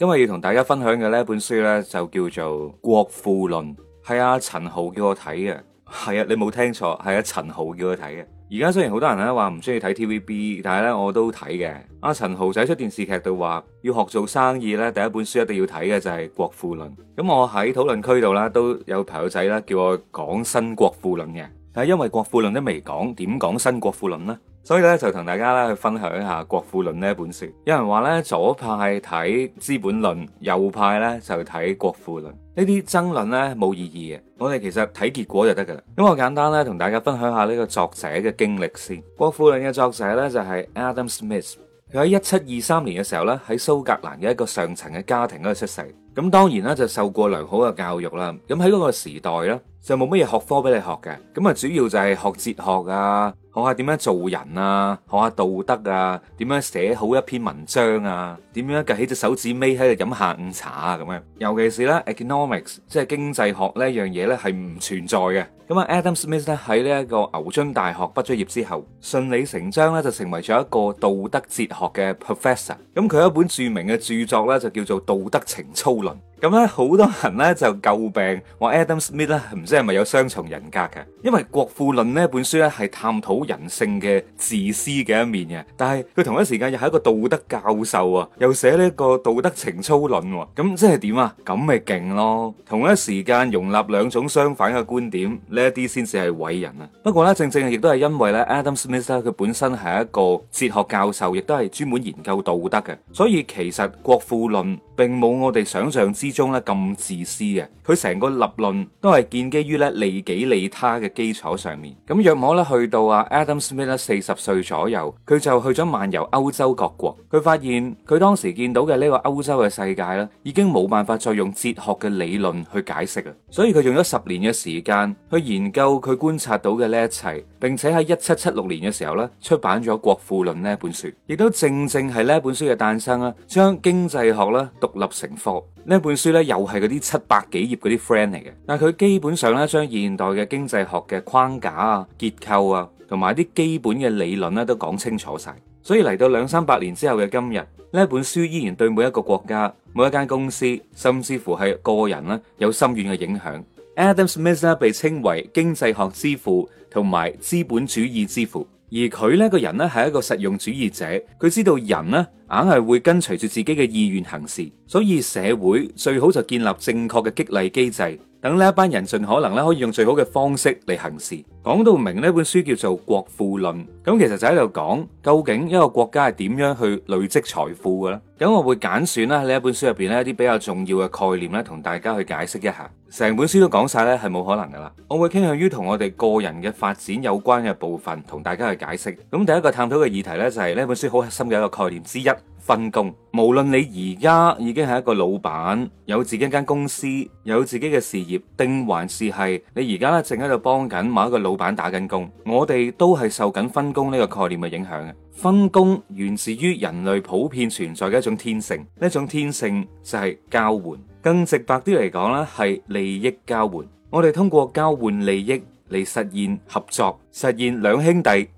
今日要同大家分享嘅呢一本書呢，就叫做《國富論》。係啊，陳豪叫我睇嘅。係啊，你冇聽錯，係啊，陳豪叫我睇嘅。而家雖然好多人咧話唔中意睇 TVB，但係呢，我都睇嘅。阿陳豪仔出電視劇度話要學做生意呢，第一本書一定要睇嘅就係《國富論》。咁我喺討論區度啦，都有朋友仔啦叫我講新《國富論》嘅。但係因為《國富論》都未講，點講新《國富論》呢？所以咧就同大家咧去分享一下《國富論》呢一本書。有人話咧左派睇《資本論》，右派咧就睇《國富論》。呢啲爭論咧冇意義嘅。我哋其實睇結果就得噶啦。咁我簡單咧同大家分享下呢個作者嘅經歷先。《國富論》嘅作者咧就係 Adam Smith。佢喺一七二三年嘅時候咧喺蘇格蘭嘅一個上層嘅家庭嗰度出世。咁當然咧就受過良好嘅教育啦。咁喺嗰個時代咧，就冇乜嘢學科俾你學嘅，咁啊主要就係學哲學啊，學下點樣做人啊，學下道德啊，點樣寫好一篇文章啊，點樣舉起隻手指尾喺度飲下午茶啊咁樣。尤其是呢 economics 即係經濟學呢樣嘢呢，係唔存在嘅。咁啊，Adam Smith 咧喺呢一個牛津大學畢咗業之後，順理成章呢，就成為咗一個道德哲學嘅 professor。咁佢有一本著名嘅著作呢，就叫做《道德情操論》。咁呢，好多人呢，就詬病話 Adam Smith 咧唔。即係咪有雙重人格嘅？因為《國富論》呢本書咧，係探討人性嘅自私嘅一面嘅。但係佢同一時間又係一個道德教授啊，又寫呢個道德情操論。咁即係點啊？咁咪勁咯！同一時間容納兩種相反嘅觀點，呢一啲先至係偉人啊。不過咧，正正亦都係因為咧，Adam Smith 咧，佢本身係一個哲學教授，亦都係專門研究道德嘅。所以其實《國富論》並冇我哋想象之中咧咁自私嘅。佢成個立論都係建基基於咧，利己利他嘅基礎上面，咁若果咧去到阿 Adam Smith 四十歲左右，佢就去咗漫遊歐洲各國，佢發現佢當時見到嘅呢個歐洲嘅世界咧，已經冇辦法再用哲學嘅理論去解釋啦，所以佢用咗十年嘅時間去研究佢觀察到嘅呢一切，並且喺一七七六年嘅時候咧出版咗《國富論》呢一本書，亦都正正係呢一本書嘅誕生啦，將經濟學咧獨立成科。呢本書咧，又係嗰啲七百幾頁嗰啲 friend 嚟嘅，但佢基本上咧，將現代嘅經濟學嘅框架啊、結構啊，同埋啲基本嘅理論咧，都講清楚晒。所以嚟到兩三百年之後嘅今日，呢本書依然對每一個國家、每一間公司，甚至乎係個人咧，有深遠嘅影響。Adam Smith 咧，被稱為經濟學之父同埋資本主義之父。而佢呢個人呢，係一個實用主義者，佢知道人呢，硬係會跟隨住自己嘅意願行事，所以社會最好就建立正確嘅激勵機制。等呢一班人盡可能咧可以用最好嘅方式嚟行事。講到明呢本書叫做《國富論》，咁其實就喺度講究竟一個國家係點樣去累積財富嘅咧。咁我會揀選啦呢一本書入邊呢一啲比較重要嘅概念咧，同大家去解釋一下。成本書都講晒咧，係冇可能噶啦。我會傾向於同我哋個人嘅發展有關嘅部分，同大家去解釋。咁第一個探討嘅議題呢，就係，就係呢本書好核心嘅一個概念之一。分工，無論你而家已經係一個老闆，有自己一間公司，有自己嘅事業，定還是係你而家咧正喺度幫緊某一個老闆打緊工，我哋都係受緊分工呢個概念嘅影響嘅。分工源自於人類普遍存在嘅一種天性，呢一種天性就係交換。更直白啲嚟講咧，係利益交換。我哋通過交換利益嚟實現合作，實現兩兄弟。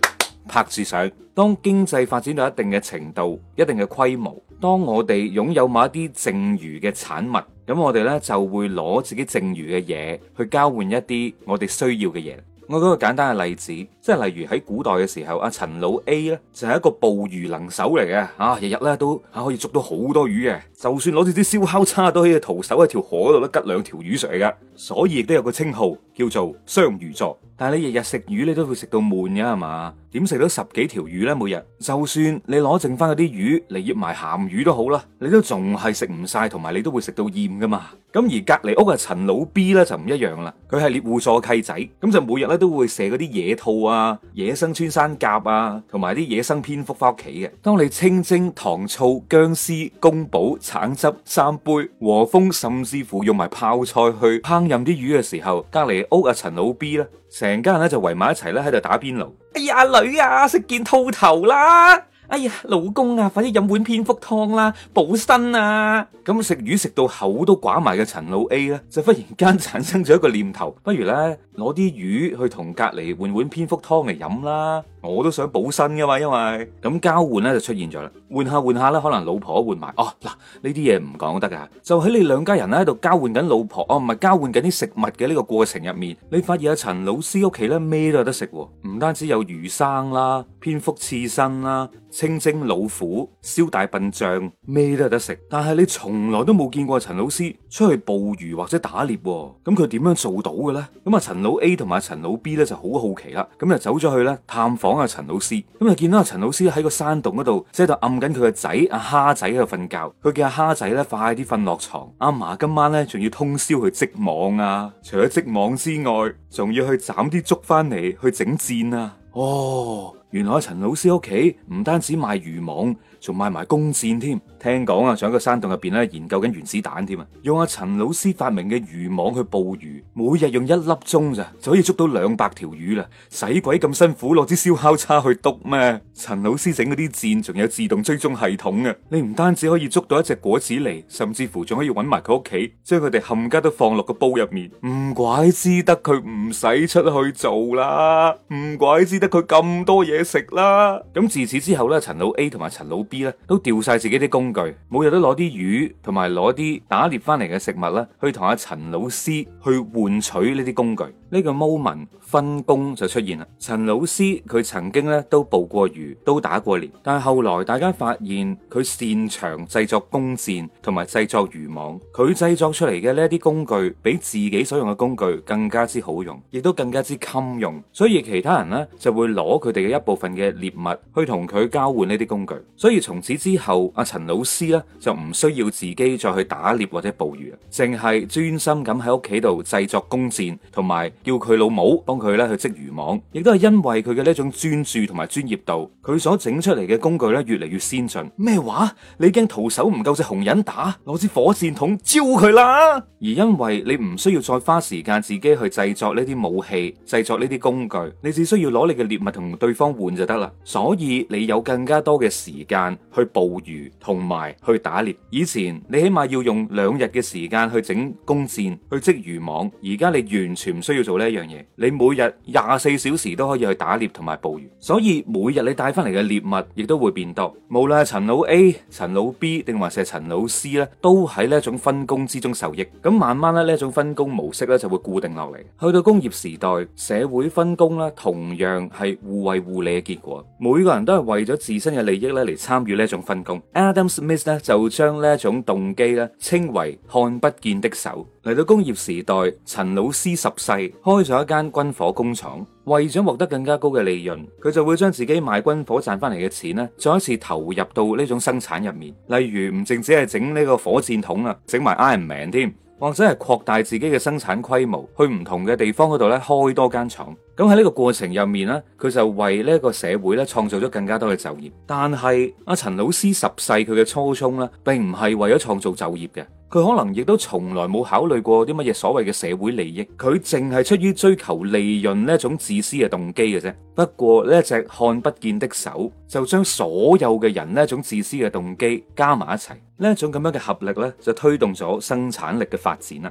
拍住上，當經濟發展到一定嘅程度，一定嘅規模，當我哋擁有某一啲剩餘嘅產物，咁我哋呢就會攞自己剩餘嘅嘢去交換一啲我哋需要嘅嘢。我舉個簡單嘅例子，即係例如喺古代嘅時候，阿陳老 A 呢就係、是、一個捕魚能手嚟嘅。啊日日呢都啊可以捉到好多魚嘅，就算攞住啲燒烤叉都可以徒手喺條河度都吉兩條魚上嚟㗎，所以亦都有個稱號叫做雙魚座。但係你日日食魚，你都會食到悶㗎，係嘛？點食到十幾條魚呢？每日就算你攞剩翻嗰啲魚嚟醃埋鹹魚都好啦，你都仲係食唔晒，同埋你都會食到厭噶嘛。咁而隔籬屋嘅陳老 B 咧就唔一樣啦，佢係獵戶座契仔，咁就每日咧都會射嗰啲野兔啊、野生穿山甲啊，同埋啲野生蝙蝠翻屋企嘅。當你清蒸、糖醋、薑絲、宮保、橙汁、三杯、和風，甚至乎用埋泡菜去烹飪啲魚嘅時候，隔籬屋嘅陳老 B 咧成家人咧就圍埋一齊咧喺度打邊爐。哎呀，女啊，食件兔頭啦！哎呀，老公啊，快啲飲碗蝙蝠湯啦，補身啊！咁食魚食到口都寡埋嘅陳老 A 咧，就忽然間產生咗一個念頭，不如呢，攞啲魚去同隔籬換碗蝙蝠湯嚟飲啦。我都想補身噶嘛，因為咁交換咧就出現咗啦，換下換下咧，可能老婆換埋哦嗱，呢啲嘢唔講得噶，就喺你兩家人咧喺度交換緊老婆哦，唔、啊、係交換緊啲食物嘅呢個過程入面，你發現阿、啊、陳老師屋企咧咩都有得食，唔單止有魚生啦、蝙蝠刺身啦、清蒸老虎、燒大笨象，咩都有得食，但係你從來都冇見過陳老師出去捕魚或者打獵、啊，咁佢點樣做到嘅咧？咁阿陳老 A 同埋阿陳老 B 咧就好好奇啦，咁就走咗去咧探訪。講阿陳老師，咁、嗯、就見到阿陳老師喺個山洞嗰度，即係喺度暗緊佢個仔阿蝦仔喺度瞓覺。佢叫阿蝦仔咧快啲瞓落床。阿嫲今晚咧仲要通宵去織網啊！除咗織網之外，仲要去斬啲竹翻嚟去整箭啊！哦，原來阿陳老師屋企唔單止賣漁網，仲賣埋弓箭添。聽講啊，仲喺個山洞入邊咧研究緊原子彈添啊，用阿陳老師發明嘅漁網去捕魚，每日用一粒鐘咋就可以捉到兩百條魚啦！使鬼咁辛苦，攞支燒烤叉去篤咩？陳老師整嗰啲箭仲有自動追蹤系統啊！你唔單止可以捉到一隻果子狸，甚至乎仲可以揾埋佢屋企，將佢哋冚家都放落個煲入面。唔怪之得佢唔使出去做啦，唔怪之得佢咁多嘢食啦。咁自此之後咧，陳老 A 同埋陳老 B 咧都掉晒自己啲工具。每日都攞啲魚同埋攞啲打獵翻嚟嘅食物啦，去同阿陳老師去換取呢啲工具。呢個 moment 分工就出現啦。陳老師佢曾經咧都捕過魚，都打過獵，但係後來大家發現佢擅長製作弓箭同埋製作漁網，佢製作出嚟嘅呢啲工具比自己所用嘅工具更加之好用，亦都更加之襟用，所以其他人呢，就會攞佢哋嘅一部分嘅獵物去同佢交換呢啲工具。所以從此之後，阿陳老師咧就唔需要自己再去打獵或者捕魚，淨係專心咁喺屋企度製作弓箭同埋。叫佢老母幫佢咧去織漁網，亦都係因為佢嘅呢一種專注同埋專業度，佢所整出嚟嘅工具咧越嚟越先進。咩話？你驚徒手唔夠隻紅人打？攞支火箭筒招佢啦！而因為你唔需要再花時間自己去製作呢啲武器、製作呢啲工具，你只需要攞你嘅獵物同對方換就得啦。所以你有更加多嘅時間去捕魚同埋去打獵。以前你起碼要用兩日嘅時間去整弓箭、去織漁網，而家你完全唔需要做。做呢一樣嘢，你每日廿四小時都可以去打獵同埋捕魚，所以每日你帶翻嚟嘅獵物亦都會變多。無論係陳老 A、陳老 B 定還是係陳老師咧，都喺呢一種分工之中受益。咁慢慢咧，呢一種分工模式咧就會固定落嚟。去到工業時代，社會分工咧同樣係互惠互利嘅結果。每個人都係為咗自身嘅利益咧嚟參與呢一種分工。Adam Smith 咧就將呢一種動機咧稱為看不見的手。嚟到工業時代，陳老師十世。開咗一間軍火工廠，為咗獲得更加高嘅利潤，佢就會將自己賣軍火賺翻嚟嘅錢咧，再一次投入到呢種生產入面。例如，唔淨只係整呢個火箭筒啊，整埋 Iron Man 添，或者係擴大自己嘅生產規模，去唔同嘅地方嗰度咧開多間廠。咁喺呢個過程入面咧，佢就為呢個社會咧創造咗更加多嘅就業。但係阿陳老師十世佢嘅初衷咧，並唔係為咗創造就業嘅。佢可能亦都從來冇考慮過啲乜嘢所謂嘅社會利益，佢淨係出於追求利潤呢種自私嘅動機嘅啫。不過呢，隻看不見的手就將所有嘅人呢種自私嘅動機加埋一齊，呢種咁樣嘅合力呢，就推動咗生產力嘅發展啦。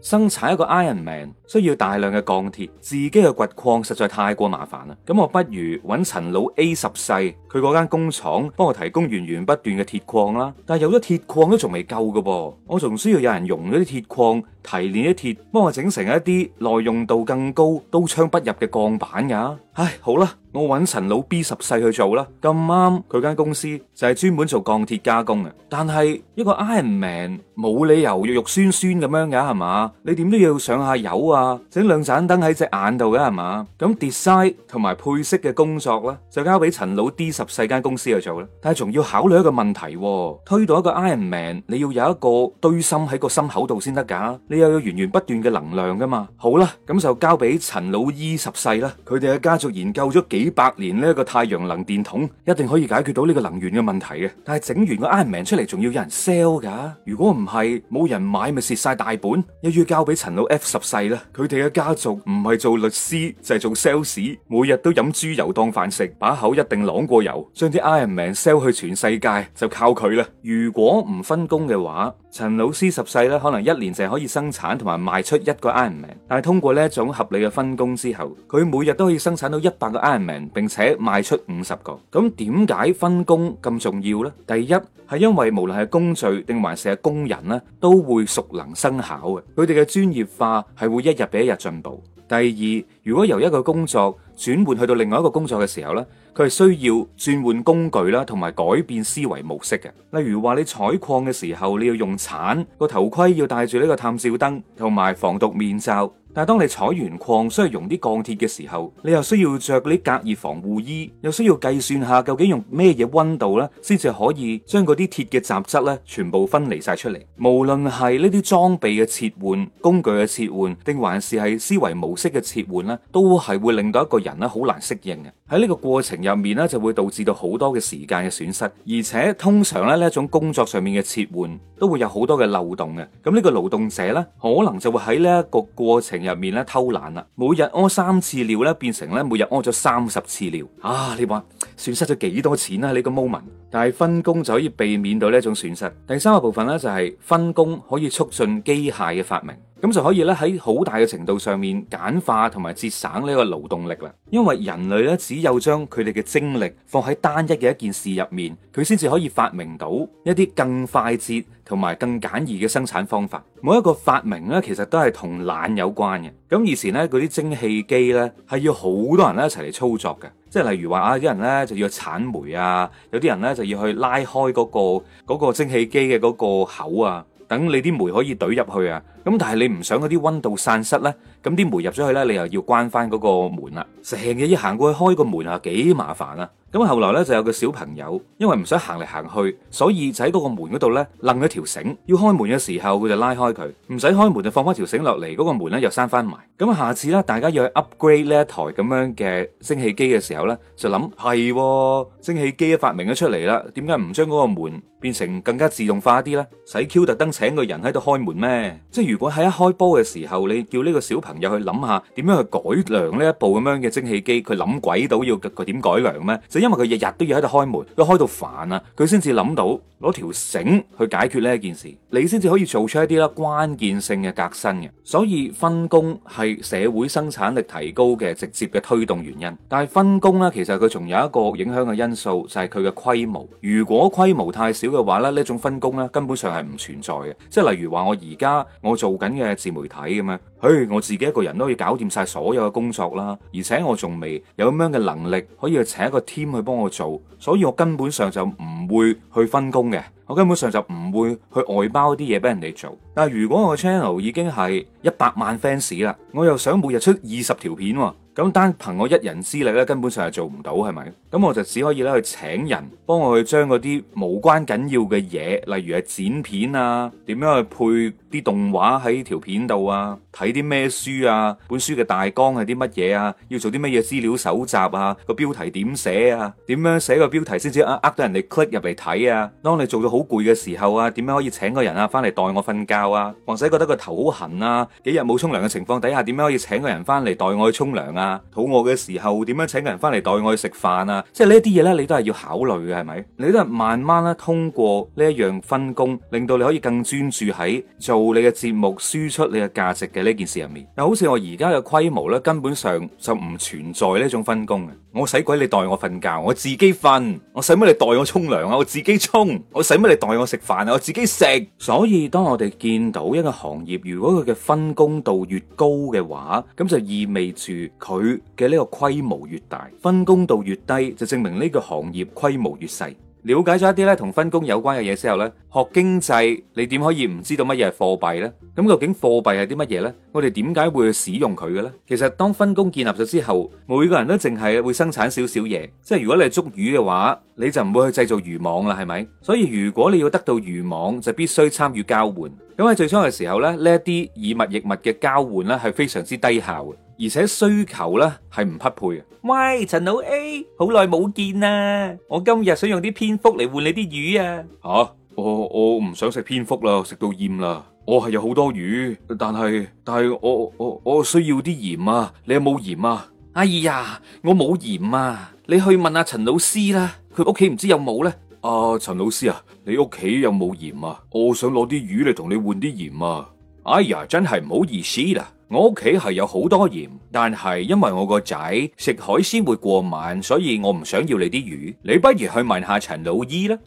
生產一個 Iron Man 需要大量嘅鋼鐵，自己嘅掘礦實在太過麻煩啦。咁我不如揾陳老 A 十世佢嗰間工廠幫我提供源源不斷嘅鐵礦啦。但係有咗鐵礦都仲未夠嘅噃，我仲需要有人用咗啲鐵礦。提煉一鐵，幫我整成一啲耐用度更高、刀槍不入嘅鋼板噶。唉，好啦，我揾陳老 B 十世去做啦。咁啱佢間公司就係專門做鋼鐵加工嘅。但係一個 Iron Man 冇理由肉肉酸酸咁樣噶，係嘛？你點都要上下油啊，整兩盞燈喺隻眼度噶，係嘛？咁 design 同埋配色嘅工作咧，就交俾陳老 D 十世間公司去做啦。但係仲要考慮一個問題，推到一個 Iron Man，你要有一個堆心喺個心口度先得噶。你又有源源不斷嘅能量噶嘛？好啦，咁就交俾陳老 E 十世啦。佢哋嘅家族研究咗幾百年呢個太陽能電筒，一定可以解決到呢個能源嘅問題嘅。但係整完個 Iron Man 出嚟，仲要有人 sell 噶。如果唔係冇人買，咪蝕晒大本。又要交俾陳老 F 十世啦。佢哋嘅家族唔係做律師就係做 sales，每日都飲豬油當飯食，把口一定啷過油，將啲 Iron Man sell 去全世界就靠佢啦。如果唔分工嘅話。陳老師十世咧，可能一年淨係可以生產同埋賣出一個 Iron Man。但係通過呢一種合理嘅分工之後，佢每日都可以生產到一百個 Iron Man，並且賣出五十個。咁點解分工咁重要呢？第一係因為無論係工序定還是係工人咧，都會熟能生巧嘅。佢哋嘅專業化係會一日比一日進步。第二，如果由一個工作，轉換去到另外一個工作嘅時候呢，佢係需要轉換工具啦，同埋改變思維模式嘅。例如話你採礦嘅時候，你要用鏟，個頭盔要戴住呢個探照燈，同埋防毒面罩。但係當你採完礦需要用啲鋼鐵嘅時候，你又需要着嗰啲隔熱防護衣，又需要計算下究竟用咩嘢溫度呢先至可以將嗰啲鐵嘅雜質呢全部分離晒出嚟。無論係呢啲裝備嘅切換、工具嘅切換，定還是係思維模式嘅切換呢都係會令到一個人咧好難適應嘅。喺呢個過程入面呢就會導致到好多嘅時間嘅損失，而且通常咧呢一種工作上面嘅切換都會有好多嘅漏洞嘅。咁呢個勞動者呢，可能就會喺呢一個過程入面咧偷懶啦，每日屙三次尿咧，變成咧每日屙咗三十次尿。啊，你話損失咗幾多錢啊？呢個 moment，但係分工就可以避免到呢一種損失。第三個部分咧就係、是、分工可以促進機械嘅發明。咁就可以咧喺好大嘅程度上面簡化同埋節省呢個勞動力啦。因為人類咧只有將佢哋嘅精力放喺單一嘅一件事入面，佢先至可以發明到一啲更快捷同埋更簡易嘅生產方法。每一個發明呢，其實都係同懶有關嘅。咁以前呢，嗰啲蒸汽機呢，係要好多人一齊嚟操作嘅，即係例如話啊，啲人呢，就要鏟煤啊，有啲人呢，就要去拉開嗰個嗰個蒸汽機嘅嗰個口啊，等你啲煤可以懟入去啊。咁但係你唔想嗰啲溫度散失咧，咁啲煤入咗去咧，你又要關翻嗰個門啦。成日一行過去開個門啊，幾麻煩啊！咁後來咧，就有個小朋友，因為唔想行嚟行去，所以就喺嗰個門嗰度咧，掹咗條繩，要開門嘅時候佢就拉開佢，唔使開門就放翻條繩落嚟，嗰個門咧又閂翻埋。咁下次咧大家要去 upgrade 呢一台咁樣嘅蒸汽機嘅時候咧，就諗係喎，蒸汽機發明咗出嚟啦，點解唔將嗰個門變成更加自動化啲咧？使 Q 特登請個人喺度開門咩？即係。如果喺一開波嘅時候，你叫呢個小朋友去諗下點樣去改良呢一部咁樣嘅蒸汽機，佢諗鬼到要佢點改良咩？就因為佢日日都要喺度開門，佢開到煩啊，佢先至諗到攞條繩去解決呢一件事，你先至可以做出一啲啦關鍵性嘅革新嘅。所以分工係社會生產力提高嘅直接嘅推動原因。但係分工咧，其實佢仲有一個影響嘅因素，就係佢嘅規模。如果規模太少嘅話咧，呢種分工咧根本上係唔存在嘅。即係例如話我而家我。做緊嘅自媒體咁樣，嘿，我自己一個人都要搞掂晒所有嘅工作啦，而且我仲未有咁樣嘅能力可以去請一個 team 去幫我做，所以我根本上就唔會去分工嘅。我根本上就唔會去外包啲嘢俾人哋做，但係如果我 channel 已經係一百萬 fans 啦，我又想每日出二十條片啊，咁單憑我一人之力咧，根本上係做唔到，係咪？咁我就只可以咧去請人幫我去將嗰啲無關緊要嘅嘢，例如係剪片啊，點樣去配啲動畫喺條片度啊，睇啲咩書啊，本書嘅大綱係啲乜嘢啊，要做啲乜嘢資料搜集啊，個標題點寫啊，點樣寫個標題先至呃呃到人哋 click 入嚟睇啊，當你做到好好攰嘅時候啊，點樣可以請個人啊翻嚟代我瞓覺啊？或者覺得個頭好痕啊，幾日冇沖涼嘅情況底下，點樣可以請個人翻嚟代我去沖涼啊？肚餓嘅時候，點樣請個人翻嚟代我去食飯啊？即係呢啲嘢呢，你都係要考慮嘅，係咪？你都係慢慢啦，通過呢一樣分工，令到你可以更專注喺做你嘅節目，輸出你嘅價值嘅呢件事入面。嗱，好似我而家嘅規模呢，根本上就唔存在呢一種分工嘅。我使鬼你代我瞓覺，我自己瞓；我使乜你代我沖涼啊，我自己沖；我使乜你代我食飯啊，我自己食。所以當我哋見到一個行業，如果佢嘅分工度越高嘅話，咁就意味住佢嘅呢個規模越大；分工度越低，就證明呢個行業規模越細。了解咗一啲咧同分工有關嘅嘢之後咧，學經濟你點可以唔知道乜嘢係貨幣呢？咁究竟貨幣係啲乜嘢呢？我哋點解會去使用佢嘅呢？其實當分工建立咗之後，每個人都淨係會生產少少嘢，即係如果你係捉魚嘅話，你就唔會去製造漁網啦，係咪？所以如果你要得到漁網，就必須參與交換。咁喺最初嘅時候咧，呢一啲以物易物嘅交換呢，係非常之低效嘅。而且需求咧係唔匹配嘅。喂，陳老 A，好耐冇見啦！我今日想用啲蝙蝠嚟換你啲魚啊！吓、啊，我我唔想食蝙蝠啦，食到厭啦。我係有好多魚，但係但係我我我需要啲鹽啊！你有冇鹽啊？哎呀，我冇鹽啊！你去問下、啊、陳老師啦，佢屋企唔知有冇咧。啊，陳老師啊，你屋企有冇鹽啊？我想攞啲魚嚟同你換啲鹽啊！哎呀，真係唔好意思啦、啊。我屋企係有好多鹽，但係因為我個仔食海鮮會過敏，所以我唔想要你啲魚。你不如去問下陳老姨啦。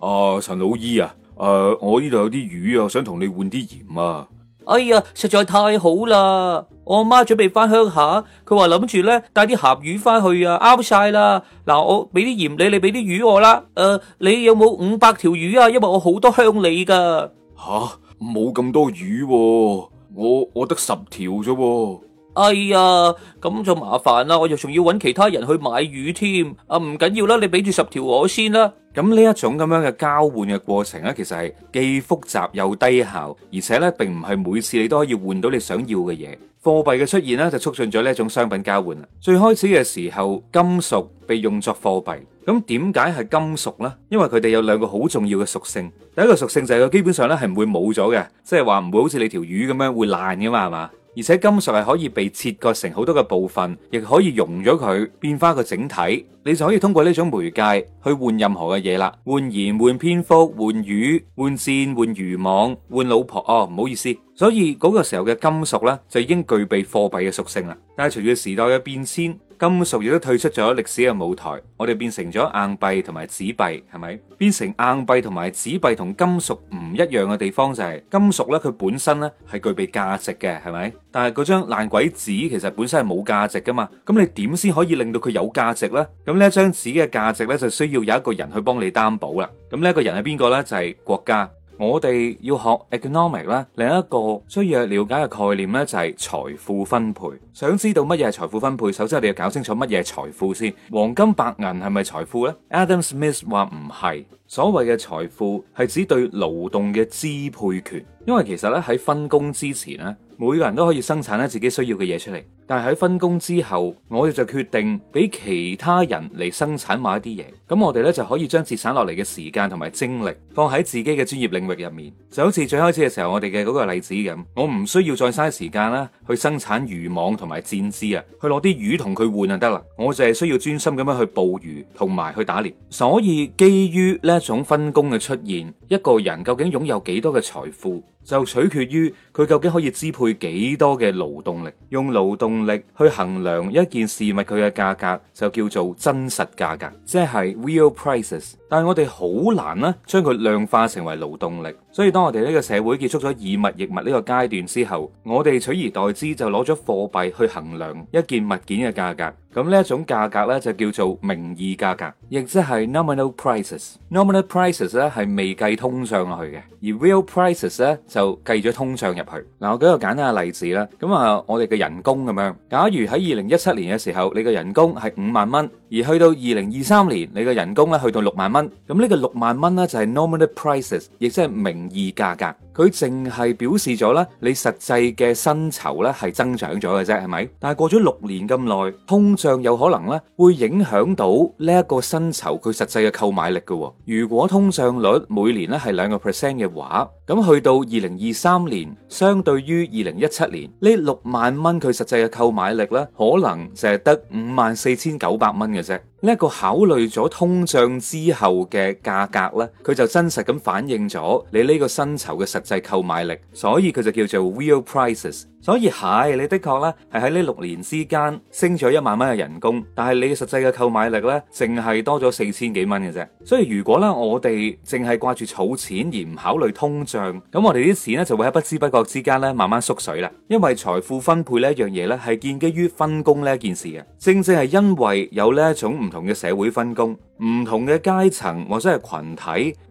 呃、陳啊，陳老姨啊，誒，我呢度有啲魚啊，想同你換啲鹽啊。哎呀，實在太好啦！我阿媽準備翻鄉下，佢話諗住咧帶啲鹹魚翻去啊，啱晒啦。嗱，我俾啲鹽你，你俾啲魚我啦。誒、呃，你有冇五百條魚啊？因為我好多鄉里噶。吓、啊，冇咁多魚、啊。我我得十條啫，哎呀，咁就麻煩啦，我又仲要揾其他人去買魚添，啊，唔緊要啦，你俾住十條我先啦。咁呢一種咁樣嘅交換嘅過程呢，其實係既複雜又低效，而且呢並唔係每次你都可以換到你想要嘅嘢。貨幣嘅出現呢，就促進咗呢一種商品交換啦。最開始嘅時候，金屬被用作貨幣。咁點解係金屬呢？因為佢哋有兩個好重要嘅屬性。第一個屬性就係佢基本上呢係唔會冇咗嘅，即係話唔會好似你條魚咁樣會爛噶嘛，係嘛？而且金屬係可以被切割成好多嘅部分，亦可以溶咗佢變翻個整體。你就可以通過呢種媒介去換任何嘅嘢啦，換鹽、換蝙蝠、換魚、換箭、換漁網、換老婆。哦，唔好意思。所以嗰個時候嘅金屬呢，就已經具備貨幣嘅屬性啦。但係隨住時代嘅變遷，金屬亦都退出咗歷史嘅舞台，我哋變成咗硬幣同埋紙幣，係咪？變成硬幣同埋紙幣同金屬唔一樣嘅地方就係，金屬呢佢本身呢係具備價值嘅，係咪？但係嗰張爛鬼紙其實本身係冇價值噶嘛，咁你點先可以令到佢有價值呢？咁呢一張紙嘅價值咧，就需要有一個人去幫你擔保啦。咁呢一個人係邊個呢？就係國家。我哋要學 economic 啦，另一個需要去了解嘅概念呢，就係財富分配。想知道乜嘢係財富分配？首先我哋要搞清楚乜嘢係財富先。黃金、白銀係咪財富呢？Adam Smith 話唔係，所謂嘅財富係指對勞動嘅支配權。因為其實咧喺分工之前咧，每個人都可以生產咧自己需要嘅嘢出嚟。但係喺分工之後，我哋就決定俾其他人嚟生產某一啲嘢，咁我哋呢，就可以將節省落嚟嘅時間同埋精力放喺自己嘅專業領域入面。就好似最開始嘅時候我哋嘅嗰個例子咁，我唔需要再嘥時間啦，去生產漁網同埋箭枝啊，去攞啲魚同佢換就得啦。我就係需要專心咁樣去捕魚同埋去打獵。所以基於呢一種分工嘅出現，一個人究竟擁有幾多嘅財富，就取決於佢究竟可以支配幾多嘅勞動力，用勞動。去衡量一件事物佢嘅價格就叫做真實價格，即係 real prices。但係我哋好難咧，將佢量化成為勞動力。所以當我哋呢個社會結束咗以物易物呢個階段之後，我哋取而代之就攞咗貨幣去衡量一件物件嘅價格。咁呢一種價格呢，就叫做名義價格，亦即係 nominal prices。nominal prices 呢係未計通脹入去嘅，而 real prices 呢就計咗通脹入去。嗱，我舉個簡單嘅例子啦。咁啊，我哋嘅人工咁樣，假如喺二零一七年嘅時候，你嘅人工係五萬蚊。而去到二零二三年，你嘅人工咧去到六萬蚊，咁呢個六萬蚊咧就係 nominal prices，亦即係名義價格。佢淨係表示咗咧，你實際嘅薪酬咧係增長咗嘅啫，係咪？但係過咗六年咁耐，通脹有可能咧會影響到呢一個薪酬佢實際嘅購買力嘅喎。如果通脹率每年咧係兩個 percent 嘅話，咁去到二零二三年，相對於二零一七年呢六萬蚊，佢實際嘅購買力咧可能就係得五萬四千九百蚊嘅啫。呢個考慮咗通脹之後嘅價格呢，佢就真實咁反映咗你呢個薪酬嘅實際購買力，所以佢就叫做 real prices。所以係你的確咧，係喺呢六年之間升咗一萬蚊嘅人工，但係你實際嘅購買力咧，淨係多咗四千幾蚊嘅啫。所以如果咧，我哋淨係掛住儲錢而唔考慮通脹，咁我哋啲錢咧就會喺不知不覺之間咧慢慢縮水啦。因為財富分配呢一樣嘢咧，係建基於分工呢一件事嘅，正正係因為有呢一種唔同嘅社會分工。唔同嘅階層或者係群體，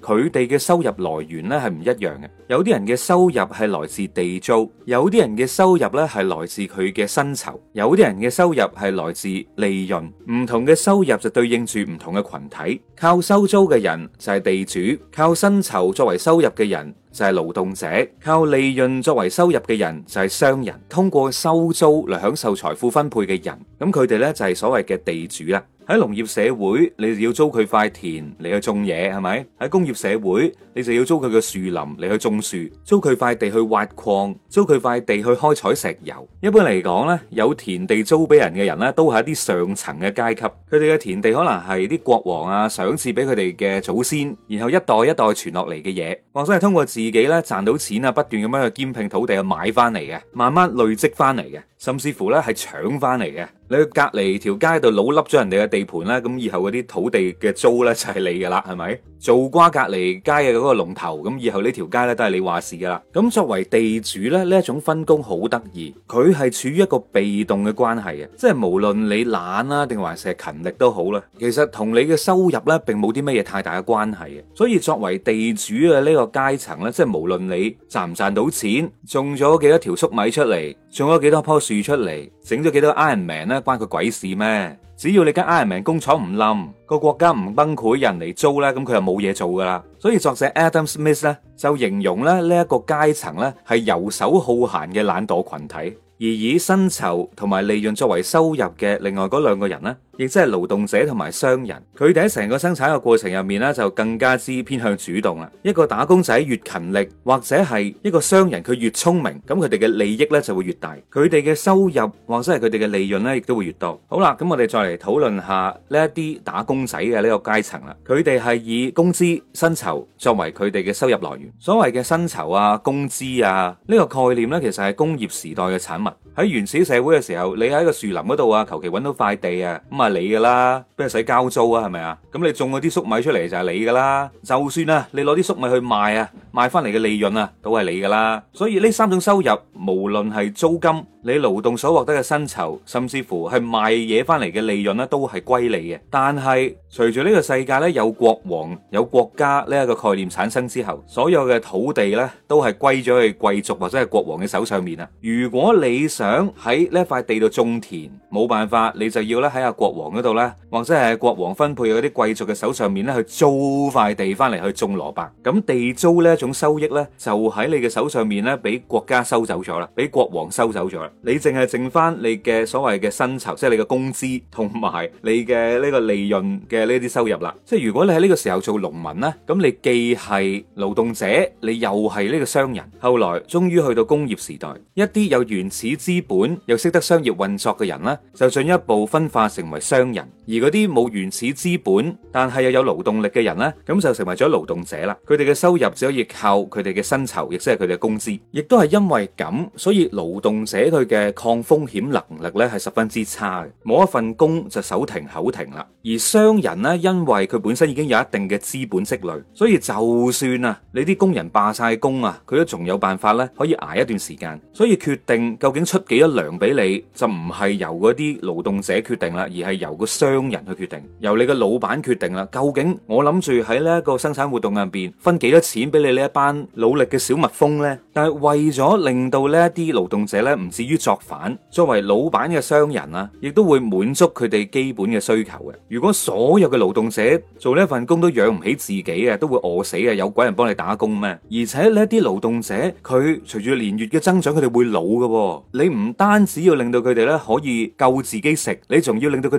佢哋嘅收入來源咧係唔一樣嘅。有啲人嘅收入係來自地租，有啲人嘅收入咧係來自佢嘅薪酬，有啲人嘅收入係來自利潤。唔同嘅收入就對應住唔同嘅群體。靠收租嘅人就係地主，靠薪酬作為收入嘅人就係勞動者，靠利潤作為收入嘅人就係商人。通過收租嚟享受財富分配嘅人，咁佢哋呢就係所謂嘅地主啦。喺農業社會，你要租佢塊田嚟去種嘢，係咪？喺工業社會。你就要租佢嘅樹林嚟去種樹，租佢塊地去挖礦，租佢塊地去開採石油。一般嚟講呢，有田地租俾人嘅人呢，都係一啲上層嘅階級。佢哋嘅田地可能係啲國王啊賞賜俾佢哋嘅祖先，然後一代一代傳落嚟嘅嘢。或者係通過自己呢賺到錢啊，不斷咁樣去兼併土地去買翻嚟嘅，慢慢累積翻嚟嘅。甚至乎呢，係搶翻嚟嘅。你去隔離條街度老笠咗人哋嘅地盤啦。咁以後嗰啲土地嘅租呢，就係你噶啦，係咪？做瓜隔離街嘅嗰個龍頭，咁以後呢條街呢，都係你話事噶啦。咁作為地主呢，呢一種分工好得意，佢係處於一個被動嘅關係嘅，即係無論你懶呀，定還是勤力都好啦，其實同你嘅收入呢，並冇啲乜嘢太大嘅關係嘅。所以作為地主嘅呢個階層呢，即係無論你賺唔賺到錢，種咗幾多條粟米出嚟。種咗幾多棵樹出嚟，整咗幾多 Iron Man 咧，關佢鬼事咩？只要你間 Iron Man 工廠唔冧，個國家唔崩潰，人嚟租咧，咁佢就冇嘢做噶啦。所以作者 Adam Smith 咧就形容咧呢一個階層咧係游手好閒嘅懶惰群體，而以薪酬同埋利潤作為收入嘅另外嗰兩個人咧。亦即係勞動者同埋商人，佢哋喺成個生產嘅過程入面咧，就更加之偏向主動啦。一個打工仔越勤力，或者係一個商人佢越聰明，咁佢哋嘅利益咧就會越大，佢哋嘅收入或者係佢哋嘅利潤咧亦都會越多。好啦，咁我哋再嚟討論下呢一啲打工仔嘅呢個階層啦。佢哋係以工資薪酬作為佢哋嘅收入來源。所謂嘅薪酬啊、工資啊呢個概念咧，其實係工業時代嘅產物。喺原始社會嘅時候，你喺個樹林嗰度啊，求其揾到塊地啊咁啊～你噶啦，唔使交租啊？係咪啊？咁你種嗰啲粟米出嚟就係你噶啦。就算啊，你攞啲粟米去賣啊，賣翻嚟嘅利潤啊，都係你噶啦。所以呢三種收入，無論係租金、你勞動所獲得嘅薪酬，甚至乎係賣嘢翻嚟嘅利潤咧，都係歸你嘅。但係隨住呢個世界咧有國王、有國家呢一個概念產生之後，所有嘅土地咧都係歸咗去貴族或者係國王嘅手上面啊。如果你想喺呢一塊地度種田，冇辦法，你就要咧喺阿國王。王嗰度咧，或者係國王分配嗰啲貴族嘅手上面咧，去租塊地翻嚟去種蘿蔔。咁地租呢一種收益咧，就喺你嘅手上面咧，俾國家收走咗啦，俾國王收走咗啦。你淨係剩翻你嘅所謂嘅薪酬，即係你嘅工資同埋你嘅呢個利潤嘅呢啲收入啦。即係如果你喺呢個時候做農民呢，咁你既係勞動者，你又係呢個商人。後來終於去到工業時代，一啲有原始資本又識得商業運作嘅人呢，就進一步分化成為。商人，而嗰啲冇原始資本但係又有勞動力嘅人呢，咁就成為咗勞動者啦。佢哋嘅收入只可以靠佢哋嘅薪酬，亦即係佢哋嘅工資。亦都係因為咁，所以勞動者佢嘅抗風險能力呢係十分之差嘅，冇一份工就手停口停啦。而商人呢，因為佢本身已經有一定嘅資本積累，所以就算啊你啲工人罷晒工啊，佢都仲有辦法呢可以捱一段時間。所以決定究竟出幾多糧俾你，就唔係由嗰啲勞動者決定啦，而係。由個商人去決定由你個老闆決定啦究竟我諗住喺呢個生產活動入邊分幾多錢畀你呢一班努力嘅小蜜蜂呢但係為咗令到呢啲勞動者呢唔至於作反作為老闆嘅商人啊亦都會滿足佢哋基本嘅需求如果所有嘅勞動者做呢份工都養唔起自己呀都會餓死呀有鬼人幫你打工咩而且呢啲勞動者佢隨住年月嘅增長佢哋會老㗎喎你唔單止要令到佢哋呢可以夠自己食你仲要令到佢哋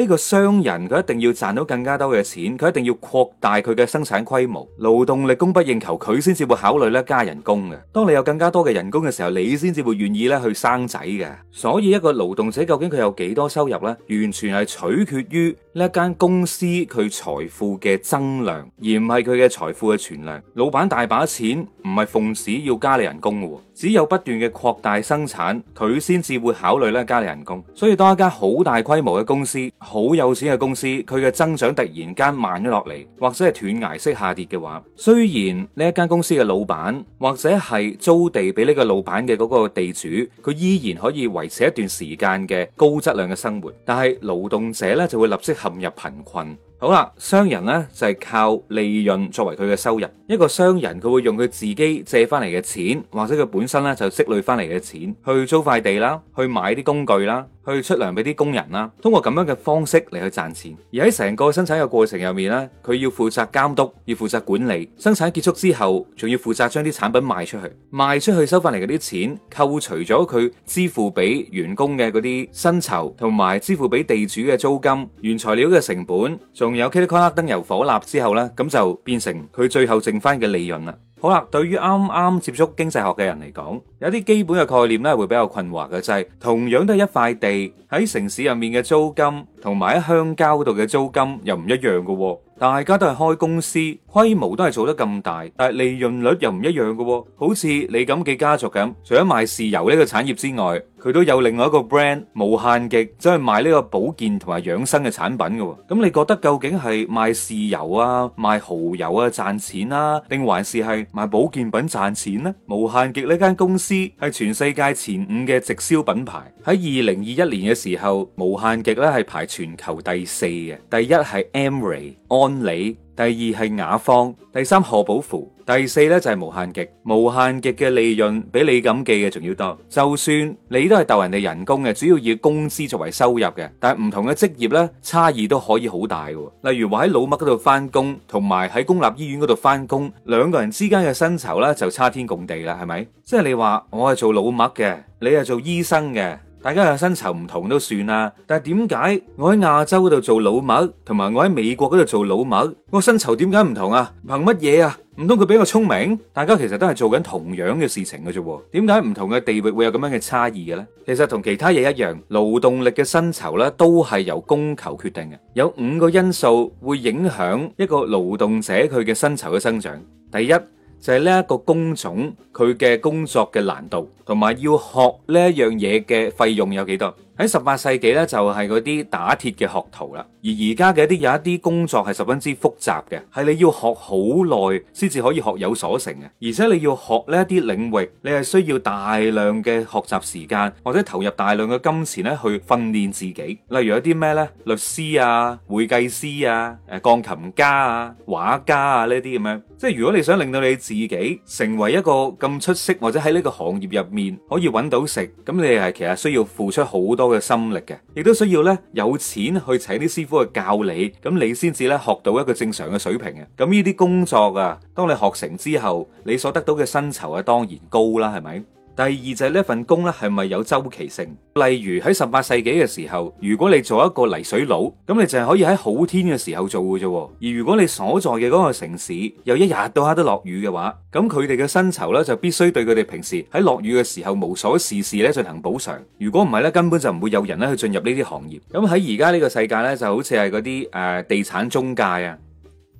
呢個商人佢一定要賺到更加多嘅錢，佢一定要擴大佢嘅生產規模，勞動力供不應求，佢先至會考慮咧加人工嘅。當你有更加多嘅人工嘅時候，你先至會願意咧去生仔嘅。所以一個勞動者究竟佢有幾多收入呢，完全係取決於。呢一間公司佢財富嘅增量，而唔係佢嘅財富嘅存量。老闆大把錢唔係奉旨要加你人工喎，只有不斷嘅擴大生產，佢先至會考慮咧加你人工。所以當一間好大規模嘅公司、好有錢嘅公司，佢嘅增長突然間慢咗落嚟，或者係斷崖式下跌嘅話，雖然呢一間公司嘅老闆或者係租地俾呢個老闆嘅嗰個地主，佢依然可以維持一段時間嘅高質量嘅生活，但係勞動者呢就會立即陷入貧困。好啦，商人呢就係靠利潤作為佢嘅收入。一個商人佢會用佢自己借翻嚟嘅錢，或者佢本身呢就積累翻嚟嘅錢去租塊地啦，去買啲工具啦，去出糧俾啲工人啦。通過咁樣嘅方式嚟去賺錢。而喺成個生產嘅過程入面呢，佢要負責監督，要負責管理。生產結束之後，仲要負責將啲產品賣出去。賣出去收翻嚟嗰啲錢，扣除咗佢支付俾員工嘅嗰啲薪酬，同埋支付俾地主嘅租金、原材料嘅成本，仲。仲有 k i l o 燈油火蠟之後咧，咁就變成佢最後剩翻嘅利潤啦。好啦，對於啱啱接觸經濟學嘅人嚟講。有啲基本嘅概念咧，會比較困惑嘅，就係同樣都係一塊地喺城市入面嘅租金，同埋喺鄉郊度嘅租金又唔一樣嘅。大家都係開公司，規模都係做得咁大，但係利潤率又唔一樣嘅。好似李錦記家族咁，除咗賣豉油呢個產業之外，佢都有另外一個 brand 無限極，即係賣呢個保健同埋養生嘅產品嘅。咁你覺得究竟係賣豉油啊、賣蚝油啊賺錢啊，定還是係賣保健品賺錢咧？無限極呢間公司。係全世界前五嘅直銷品牌，喺二零二一年嘅時候，無限極咧係排全球第四嘅，第一係 Amway 安利。第二係雅芳，第三賀寶芙，第四呢就係無限極。無限極嘅利潤比李錦記嘅仲要多。就算你都係逗人哋人工嘅，主要以工資作為收入嘅，但係唔同嘅職業呢，差異都可以好大嘅。例如話喺老麥嗰度翻工，同埋喺公立醫院嗰度翻工，兩個人之間嘅薪酬呢就差天共地啦，係咪？即係你話我係做老麥嘅，你係做醫生嘅。大家嘅薪酬唔同都算啦，但係點解我喺亞洲嗰度做老麥，同埋我喺美國嗰度做老麥，個薪酬點解唔同啊？憑乜嘢啊？唔通佢比我聰明？大家其實都係做緊同樣嘅事情嘅啫，點解唔同嘅地域會有咁樣嘅差異嘅咧？其實同其他嘢一樣，勞動力嘅薪酬咧都係由供求決定嘅。有五個因素會影響一個勞動者佢嘅薪酬嘅增長。第一。就係呢一個工種，佢嘅工作嘅難度，同埋要學呢一樣嘢嘅費用有幾多？喺十八世紀咧，就係嗰啲打鐵嘅學徒啦。而而家嘅一啲有一啲工作係十分之複雜嘅，係你要學好耐先至可以學有所成嘅。而且你要學呢一啲領域，你係需要大量嘅學習時間，或者投入大量嘅金錢咧去訓練自己。例如一啲咩咧？律師啊、會計師啊、誒鋼琴家啊、畫家啊呢啲咁樣。即係如果你想令到你自己成為一個咁出色，或者喺呢個行業入面可以揾到食，咁你係其實需要付出好多，嘅心力嘅，亦都需要咧有錢去請啲師傅去教你，咁，嗯，你先至咧學到一個正常嘅水平嘅。咁呢啲工作啊，當你學成之後，你所得到嘅薪酬啊，當然高啦，係咪？第二就係呢份工咧，係咪有周期性？例如喺十八世紀嘅時候，如果你做一個泥水佬，咁你就係可以喺好天嘅時候做嘅啫。而如果你所在嘅嗰個城市又一日到黑都落雨嘅話，咁佢哋嘅薪酬咧就必須對佢哋平時喺落雨嘅時候無所事事咧進行補償。如果唔係咧，根本就唔會有人咧去進入呢啲行業。咁喺而家呢個世界咧，就好似係嗰啲誒地產中介啊。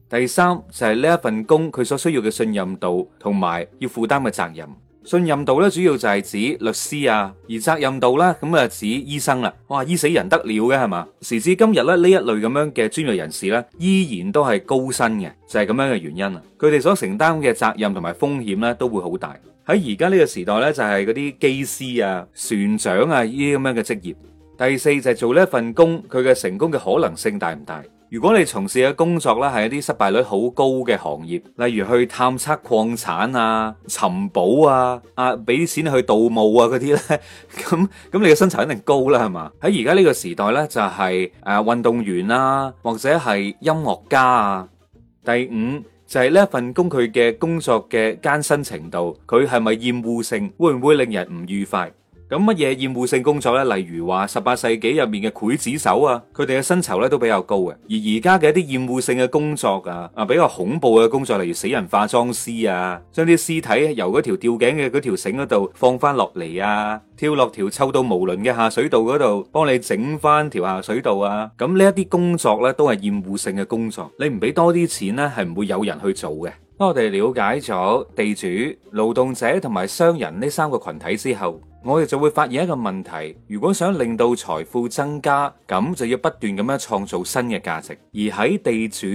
第三就係呢一份工佢所需要嘅信任度同埋要負擔嘅責任。信任度咧，主要就係指律師啊，而責任度咧，咁啊指醫生啦。哇，醫死人得了嘅係嘛？時至今日咧，呢一類咁樣嘅專業人士咧，依然都係高薪嘅，就係咁樣嘅原因啦。佢哋所承擔嘅責任同埋風險咧，都會好大。喺而家呢個時代咧，就係嗰啲機師啊、船長啊呢啲咁樣嘅職業。第四就係做呢一份工，佢嘅成功嘅可能性大唔大？如果你從事嘅工作咧係一啲失敗率好高嘅行業，例如去探測礦產啊、尋寶啊、啊俾錢去盜墓啊嗰啲咧，咁咁你嘅薪酬肯定高啦，係嘛？喺而家呢個時代咧，就係誒運動員啦，或者係音樂家啊。第五就係呢一份工佢嘅工作嘅艱辛程度，佢係咪厭惡性，會唔會令人唔愉快？咁乜嘢厭惡性工作咧？例如話十八世紀入面嘅劊子手啊，佢哋嘅薪酬咧都比較高嘅。而而家嘅一啲厭惡性嘅工作啊，啊比較恐怖嘅工作，例如死人化妝師啊，將啲屍體由嗰條吊頸嘅嗰條繩嗰度放翻落嚟啊，跳落條臭到無倫嘅下水道嗰度，幫你整翻條下水道啊。咁呢一啲工作咧，都係厭惡性嘅工作。你唔俾多啲錢咧，係唔會有人去做嘅。我哋了解咗地主、勞動者同埋商人呢三個群體之後。我哋就會發現一個問題，如果想令到財富增加，咁就要不斷咁樣創造新嘅價值。而喺地主、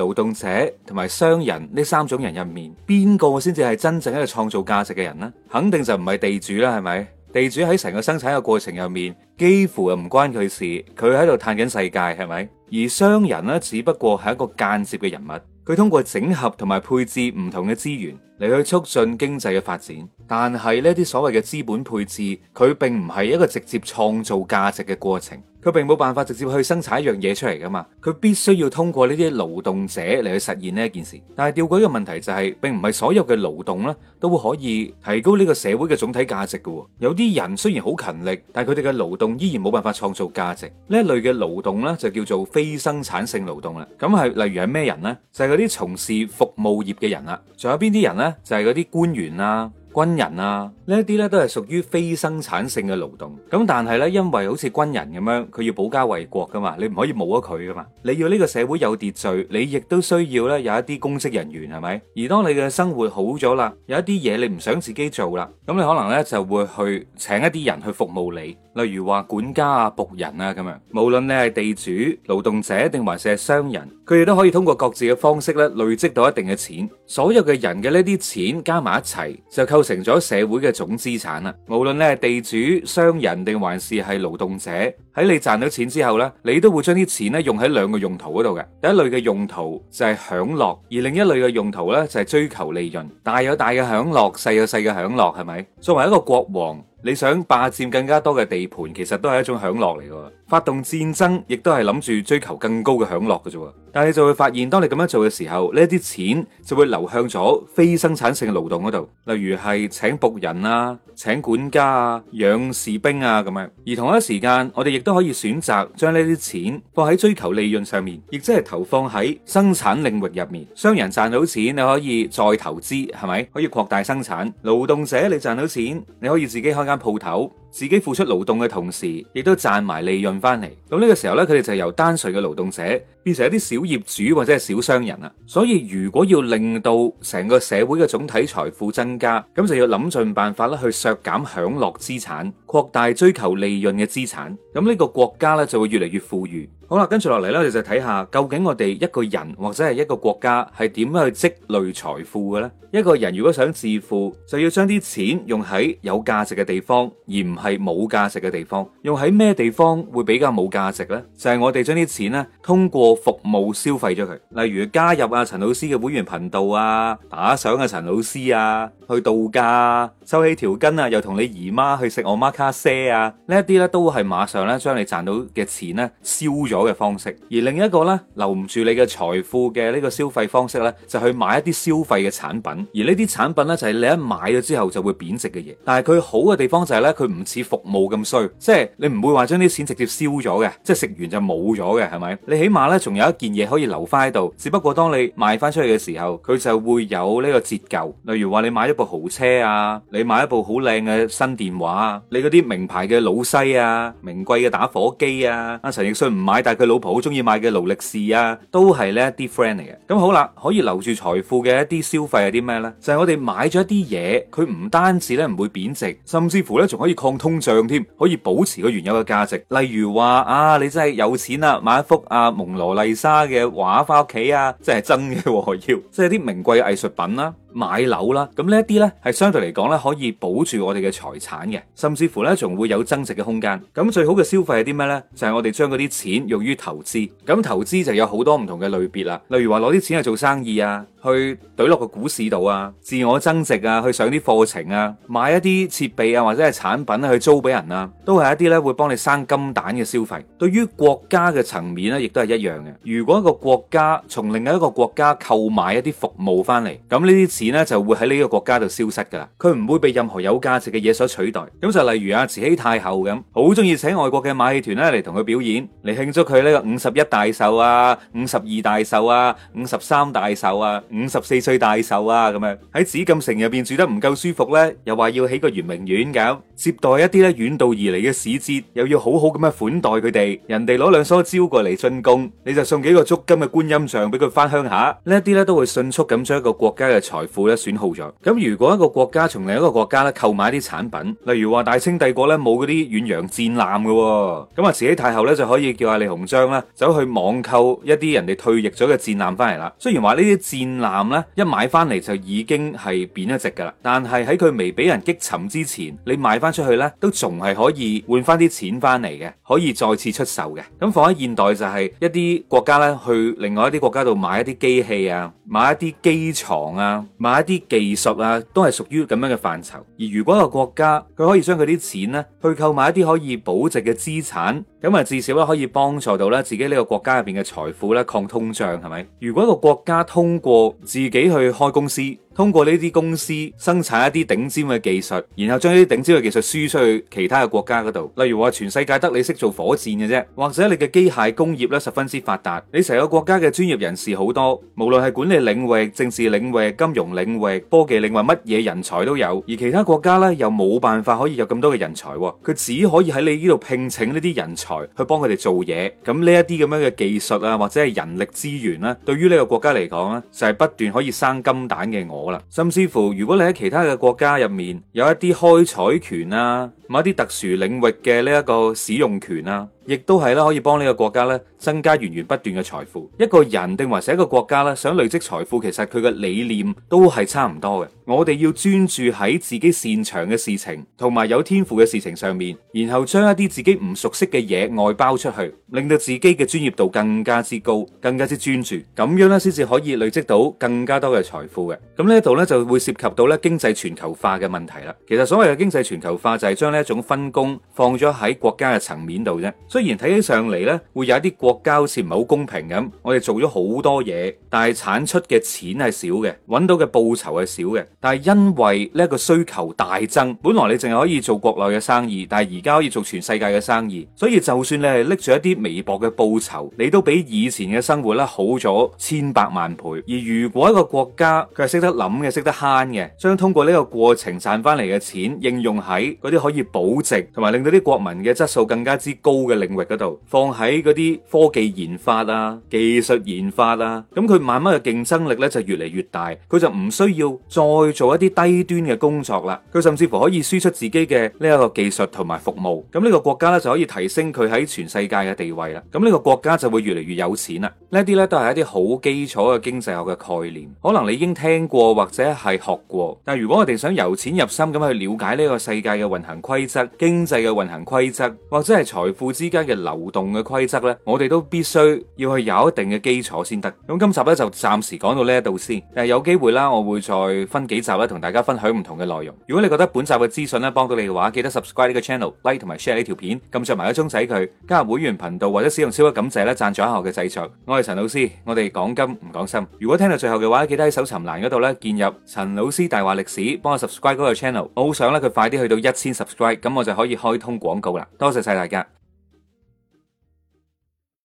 勞動者同埋商人呢三種人入面，邊個先至係真正喺度創造價值嘅人呢？肯定就唔係地主啦，係咪？地主喺成個生產嘅過程入面，幾乎啊唔關佢事，佢喺度嘆緊世界，係咪？而商人呢，只不過係一個間接嘅人物，佢通過整合同埋配置唔同嘅資源。嚟去促進經濟嘅發展，但係呢啲所謂嘅資本配置，佢並唔係一個直接創造價值嘅過程，佢並冇辦法直接去生產一樣嘢出嚟噶嘛，佢必須要通過呢啲勞動者嚟去實現呢一件事。但係吊詭一個問題就係，是，並唔係所有嘅勞動咧都會可以提高呢個社會嘅總體價值嘅。哦，有啲人雖然好勤力，但係佢哋嘅勞動依然冇辦法創造價值，呢一類嘅勞動呢，就叫做非生產性勞動啦。咁係例如係咩人呢？就係嗰啲從事服務業嘅人啦，仲有邊啲人呢？就係嗰啲官員啊、軍人啊，呢一啲呢都係屬於非生產性嘅勞動。咁但係呢，因為好似軍人咁樣，佢要保家衛國噶嘛，你唔可以冇咗佢噶嘛。你要呢個社會有秩序，你亦都需要呢有一啲公職人員，係咪？而當你嘅生活好咗啦，有一啲嘢你唔想自己做啦，咁你可能呢就會去請一啲人去服務你。例如話管家啊、僕人啊咁樣，無論你係地主、勞動者定還是係商人，佢哋都可以通過各自嘅方式咧累積到一定嘅錢。所有嘅人嘅呢啲錢加埋一齊，就構成咗社會嘅總資產啦。無論你係地主、商人定還是係勞動者，喺你賺到錢之後咧，你都會將啲錢咧用喺兩個用途嗰度嘅。第一類嘅用途就係享樂，而另一類嘅用途咧就係追求利潤。大有大嘅享樂，細有細嘅享樂，係咪？作為一個國王，你想霸佔更加多嘅地盤，其實都係一種享樂嚟㗎。發動戰爭亦都係諗住追求更高嘅享樂嘅啫，但係你就會發現，當你咁樣做嘅時候，呢啲錢就會流向咗非生產性嘅勞動嗰度，例如係請僕人啊、請管家啊、養士兵啊咁樣。而同一時間，我哋亦都可以選擇將呢啲錢放喺追求利潤上面，亦即係投放喺生產領域入面。商人賺到錢，你可以再投資，係咪？可以擴大生產。勞動者，你賺到錢，你可以自己開間鋪頭。自己付出勞動嘅同時，亦都賺埋利潤翻嚟。咁呢個時候呢，佢哋就由單純嘅勞動者變成一啲小業主或者係小商人啦。所以如果要令到成個社會嘅總體財富增加，咁就要諗盡辦法咧，去削減享樂資產，擴大追求利潤嘅資產。咁呢個國家呢，就會越嚟越富裕。好啦，跟住落嚟咧，你就睇下究竟我哋一個人或者係一個國家係點樣去積累財富嘅咧？一個人如果想致富，就要將啲錢用喺有價值嘅地方，而唔係冇價值嘅地方。用喺咩地方會比較冇價值咧？就係我哋將啲錢咧，通過服務消費咗佢。例如加入阿陳老師嘅會員頻道啊，打賞阿陳老師啊，去度假啊，收起條筋啊，又同你姨媽去食我媽卡啡啊，呢一啲咧都係馬上咧將你賺到嘅錢咧燒咗。嘅方式，而另一個呢，留唔住你嘅財富嘅呢個消費方式呢，就去買一啲消費嘅產品，而呢啲產品呢，就係你一買咗之後就會貶值嘅嘢。但係佢好嘅地方就係呢，佢唔似服務咁衰，即係你唔會話將啲錢直接燒咗嘅，即係食完就冇咗嘅，係咪？你起碼呢，仲有一件嘢可以留返喺度。只不過當你賣返出去嘅時候，佢就會有呢個折舊。例如話你買一部豪車啊，你買一部好靚嘅新電話，你嗰啲名牌嘅老西啊，名貴嘅打火機啊，阿陳奕迅唔買。但係佢老婆好中意買嘅勞力士啊，都係呢一啲 friend 嚟嘅。咁好啦，可以留住財富嘅一啲消費係啲咩呢？就係、是、我哋買咗一啲嘢，佢唔單止呢唔會貶值，甚至乎呢仲可以抗通脹添，可以保持個原有嘅價值。例如話啊，你真係有錢啦，買一幅啊蒙羅麗莎嘅畫翻屋企啊，真係真嘅喎，要，即係啲名貴嘅藝術品啦、啊。買樓啦，咁呢一啲呢係相對嚟講呢可以保住我哋嘅財產嘅，甚至乎呢仲會有增值嘅空間。咁最好嘅消費係啲咩呢？就係、是、我哋將嗰啲錢用於投資。咁投資就有好多唔同嘅類別啦，例如話攞啲錢去做生意啊。去懟落個股市度啊，自我增值啊，去上啲課程啊，買一啲設備啊或者係產品去租俾人啊，都係一啲咧會幫你生金蛋嘅消費。對於國家嘅層面咧，亦都係一樣嘅。如果一個國家從另外一個國家購買一啲服務翻嚟，咁呢啲錢咧就會喺呢個國家度消失噶啦，佢唔會被任何有價值嘅嘢所取代。咁就例如啊慈禧太后咁，好中意請外國嘅馬戲團咧嚟同佢表演，嚟慶祝佢呢個五十一大壽啊、五十二大壽啊、五十三大壽啊。五十四歲大壽啊，咁樣喺紫禁城入邊住得唔夠舒服呢，又話要起個圓明園咁接待一啲咧遠道而嚟嘅使節，又要好好咁樣款待佢哋。人哋攞兩梳蕉過嚟進貢，你就送幾個足金嘅觀音像俾佢翻鄉下。呢一啲咧都會迅速咁將一個國家嘅財富咧損耗咗。咁如果一個國家從另一個國家咧購買啲產品，例如話大清帝國咧冇嗰啲遠洋戰艦噶，哦，咁啊慈禧太后咧就可以叫阿李鴻章啦走去網購一啲人哋退役咗嘅戰艦翻嚟啦。雖然話呢啲戰男咧一買翻嚟，就已經係貶咗值噶啦，但係喺佢未俾人擊沉之前，你賣翻出去呢，都仲係可以換翻啲錢翻嚟嘅，可以再次出售嘅。咁放喺現代就係一啲國家呢，去另外一啲國家度買一啲機器啊，買一啲機床啊，買一啲技術啊，都係屬於咁樣嘅範疇。而如果一個國家佢可以將佢啲錢呢，去購買一啲可以保值嘅資產，咁啊至少咧可以幫助到咧自己呢個國家入邊嘅財富咧抗通脹，係咪？如果一個國家通過自己去開公司。通過呢啲公司生產一啲頂尖嘅技術，然後將呢啲頂尖嘅技術輸出去其他嘅國家嗰度。例如話，全世界得你識做火箭嘅啫，或者你嘅機械工業咧十分之發達，你成個國家嘅專業人士好多，無論係管理領域、政治領域、金融領域、科技領域乜嘢人才都有。而其他國家呢，又冇辦法可以有咁多嘅人才、哦、人才，佢只可以喺你呢度聘請呢啲人才去幫佢哋做嘢。咁呢一啲咁樣嘅技術啊，或者係人力資源咧，對於呢個國家嚟講呢就係、係、不斷可以生金蛋嘅鵝。啦，甚至乎，如果你喺其他嘅國家入面有一啲開採權啊，某一啲特殊領域嘅呢一個使用權啊。亦都係啦，可以幫呢個國家咧增加源源不斷嘅財富。一個人定或者一個國家咧，想累積財富，其實佢嘅理念都係差唔多嘅。我哋要專注喺自己擅長嘅事情同埋有天賦嘅事情上面，然後將一啲自己唔熟悉嘅嘢外包出去，令到自己嘅專業度更加之高，更加之專注。咁樣咧，先至可以累積到更加多嘅財富嘅。咁呢度咧就會涉及到咧經濟全球化嘅問題啦。其實所謂嘅經濟全球化就係將呢一種分工放咗喺國家嘅層面度啫。雖然睇起上嚟咧，會有一啲國家好似唔係好公平咁，我哋做咗好多嘢，但係產出嘅錢係少嘅，揾到嘅報酬係少嘅。但係因為呢個需求大增，本來你淨係可以做國內嘅生意，但係而家可以做全世界嘅生意。所以就算你係拎住一啲微薄嘅報酬，你都比以前嘅生活咧好咗千百萬倍。而如果一個國家佢係識得諗嘅、識得慳嘅，將通過呢個過程賺翻嚟嘅錢應用喺嗰啲可以保值同埋令到啲國民嘅質素更加之高嘅。領域度放喺嗰啲科技研發啊、技術研發啊，咁佢慢慢嘅競爭力咧就越嚟越大，佢就唔需要再做一啲低端嘅工作啦。佢甚至乎可以輸出自己嘅呢一個技術同埋服務，咁呢個國家咧就可以提升佢喺全世界嘅地位啦。咁呢個國家就會越嚟越有錢啦。呢一啲咧都係一啲好基礎嘅經濟學嘅概念，可能你已經聽過或者係學過。但如果我哋想由淺入深咁去了解呢個世界嘅運行規則、經濟嘅運行規則，或者係財富之間嘅流動嘅規則咧，我哋都必須要去有一定嘅基礎先得。咁今集咧就暫時講到呢一度先。但係有機會啦，我會再分幾集咧同大家分享唔同嘅內容。如果你覺得本集嘅資訊咧幫到你嘅話，記得 subscribe 呢個 channel，like 同埋 share 呢條片，撳着埋個鐘仔佢，加入會員頻道或者使用超級感謝咧贊助一下我嘅製作。我係陳老師，我哋講金唔講心。如果聽到最後嘅話，記得喺搜尋欄嗰度咧建入陳老師大話歷史，幫我 subscribe 嗰個 channel。我好想咧佢快啲去到一千 subscribe，咁我就可以開通廣告啦。多謝晒大家。